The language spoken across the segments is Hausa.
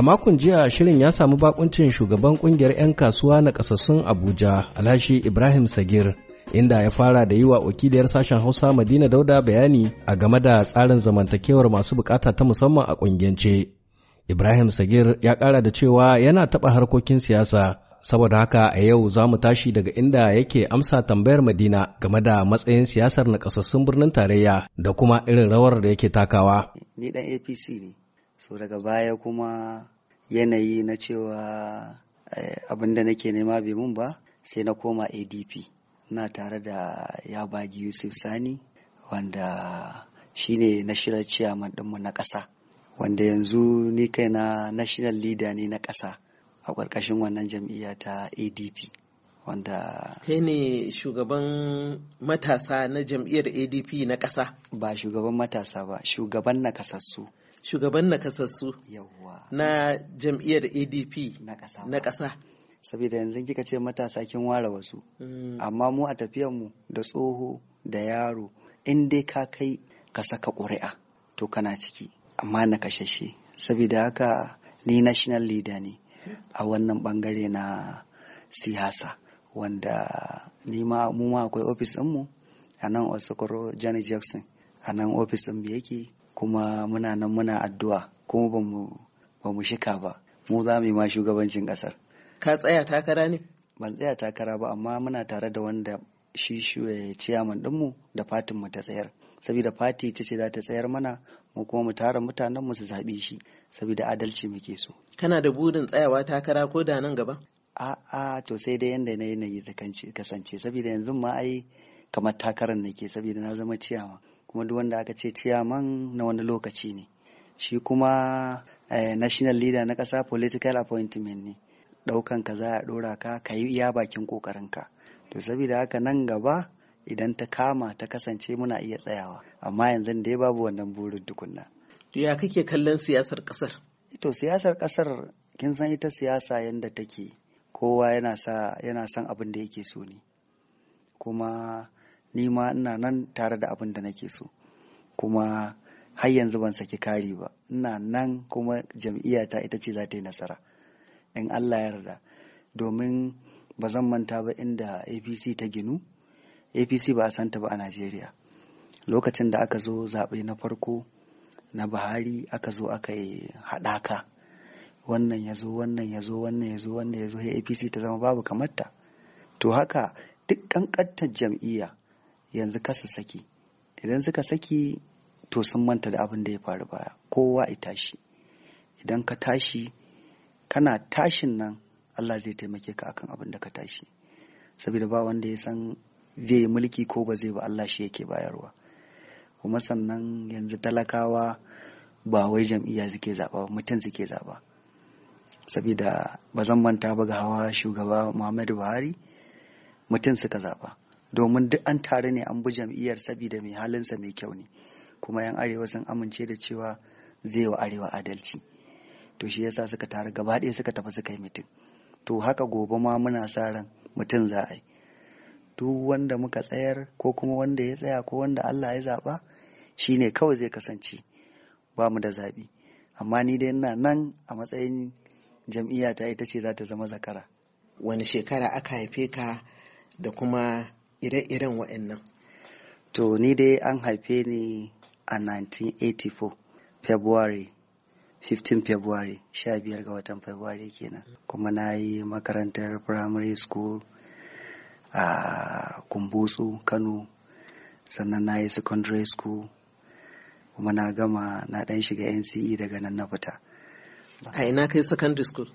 A makon jiya shirin ya samu bakuncin shugaban kungiyar 'yan kasuwa na kasassun Abuja, Alhashi Ibrahim Sagir, inda ya fara da yi wa wakiliyar sashen Hausa Madina Dauda bayani a game da tsarin zamantakewar masu bukata ta musamman a kungiyance. Ibrahim Sagir ya kara da cewa yana taɓa harkokin siyasa, saboda haka a yau za mu tashi daga inda yake amsa tambayar Madina game da matsayin siyasar na kasassun birnin tarayya da kuma irin rawar da yake takawa. Ni dan APC ne. so daga baya kuma yanayi na cewa eh, abin da nake nema bai mun ba sai na koma adp na tare da ya bagi yusuf sani wanda shine national chairman ɗinmu na ƙasa wanda yanzu ni kaina national leader ne na ƙasa a ƙarƙashin wannan jam'iyya ta adp wanda kai ne shugaban matasa na jam'iyyar adp na ƙasa ba shugaban matasa ba shugaban na kasassu shugaban na kasassu na jam'iyyar adp na ƙasa saboda yanzu kika ce matasa kin ware wasu mm. amma mu a mu da tsoho da yaro in dai ka kai ka saka ƙuri'a to kana ciki amma na kashashe saboda haka ni national leader ne a wannan bangare na siyasa wanda ni ma mu ma akwai ofis mu? a nan osokoro johnny jackson a nan ofis yake kuma muna nan muna addu'a kuma ba mu shika ba mu za mu yi ma shugabancin ƙasar. Ka tsaya takara ne? Ban tsaya takara ba amma muna tare da wanda shi eh, ciyaman dinmu da fatin mu ta tsayar. Saboda fati ta ce za ta tsayar mana mu kuma mu tara mutanen mu su zaɓe shi saboda adalci muke so. Kana da burin tsayawa takara ko da nan gaba? A'a to sai dai yanda na yanayi ta kasance saboda yanzu ma ai kamar takarar nake saboda na zama ciyawa. kuma duk wanda aka ce ciyaman na wani lokaci ne shi kuma eh, national leader na kasa, political appointment ne ɗaukan ka za a ɗora ka ka yi iya bakin ƙoƙarinka to saboda haka nan gaba idan ta kama ta kasance muna iya tsayawa amma yanzu dai babu wannan burin tukunna ya kake kallon siyasar ƙasar to siyasar kasar kin san ita siyasa yanda take kowa yana sa yana son abin da yake so ne kuma ni ma ina nan tare da abin da nake so kuma har yanzu ban saki kari ba ina nan kuma ta ita ce za ta yi nasara in Allah yarda domin ba zan manta ba inda apc ta ginu apc ba a santa ba a najeriya lokacin da aka zo zaɓe na farko na buhari aka zo aka yi haɗaka wannan ya zo wannan ya zo wannan ya zo wannan ya zo apc ta zama babu kamarta to haka duk ƙanƙantar jam'iyya yanzu kasa saki idan suka saki to sun manta da abin da ya faru baya kowa ya tashi idan ka tashi kana tashin nan Allah zai taimake ka akan abin da ka tashi saboda ba wanda ya san zai yi mulki ko ba zai ba Allah shi yake bayarwa kuma sannan yanzu talakawa ba wai jam'iyya suke zaba mutum suke zaba saboda ba zan manta ba ga hawa shugaba Muhammadu Buhari mutum suka zaba domin duk an tare ne an bi jam'iyyar sabida mai halinsa mai kyau ne kuma yan arewa sun amince da cewa zai wa arewa adalci to shi yasa suka taru gaba ɗaya suka tafi suka yi mutum to haka gobe ma muna sa ran mutum za a yi duk wanda muka tsayar ko kuma wanda ya tsaya ko wanda Allah ya zaɓa shi ne kawai zai kasance ba mu da zaɓi amma ni dai ina nan a matsayin jam'iyya ta ita ce za ta zama zakara wani shekara aka haife ka da kuma ire-iren wa'annan to ni dai an haife ni a 1984 february 15 february 15 ga watan february kenan kuma na yi makarantar primary school a kumbutsu kano sannan na yi secondary school kuma na gama na dan shiga nce daga nan na fita a ina kai secondary school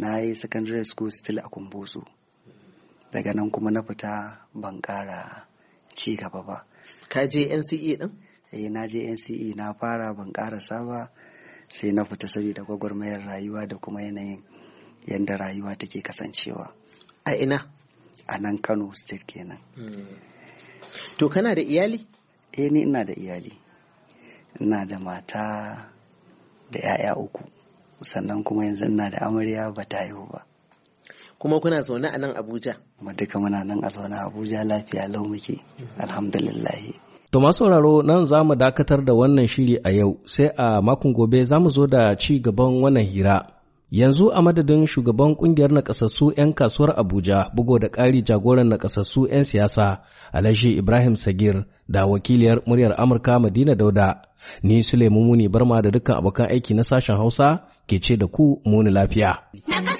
na yi secondary school still a kumbutsu daga nan kuma na fita ban ƙara ci gaba ba ka je nce ɗin? eh na je nce na fara ban ƙara saba, sai na fita saboda gwagwarmayar rayuwa da kuma yanayin yadda rayuwa take kasancewa a ina a nan kano state kenan hmm. to kana da iyali eh ni ina da iyali ina da mata da 'ya'ya uku sannan kuma yanzu ina da amarya ba ta haihu ba kuma kuna zaune a nan Abuja. Kuma duka muna nan a zaune Abuja lafiya lau muke alhamdulillah. To masu sauraro nan za mu dakatar da wannan shiri a yau sai a makon gobe za mu zo da ci gaban wannan hira. Yanzu a madadin shugaban kungiyar nakasassu 'yan kasuwar Abuja bugo da ƙari jagoran nakasassu 'yan siyasa Alhaji Ibrahim Sagir da wakiliyar muryar Amurka Madina Dauda. Ni Suleiman Muni Barma da dukkan abokan aiki na sashen Hausa ke ce da ku muni lafiya.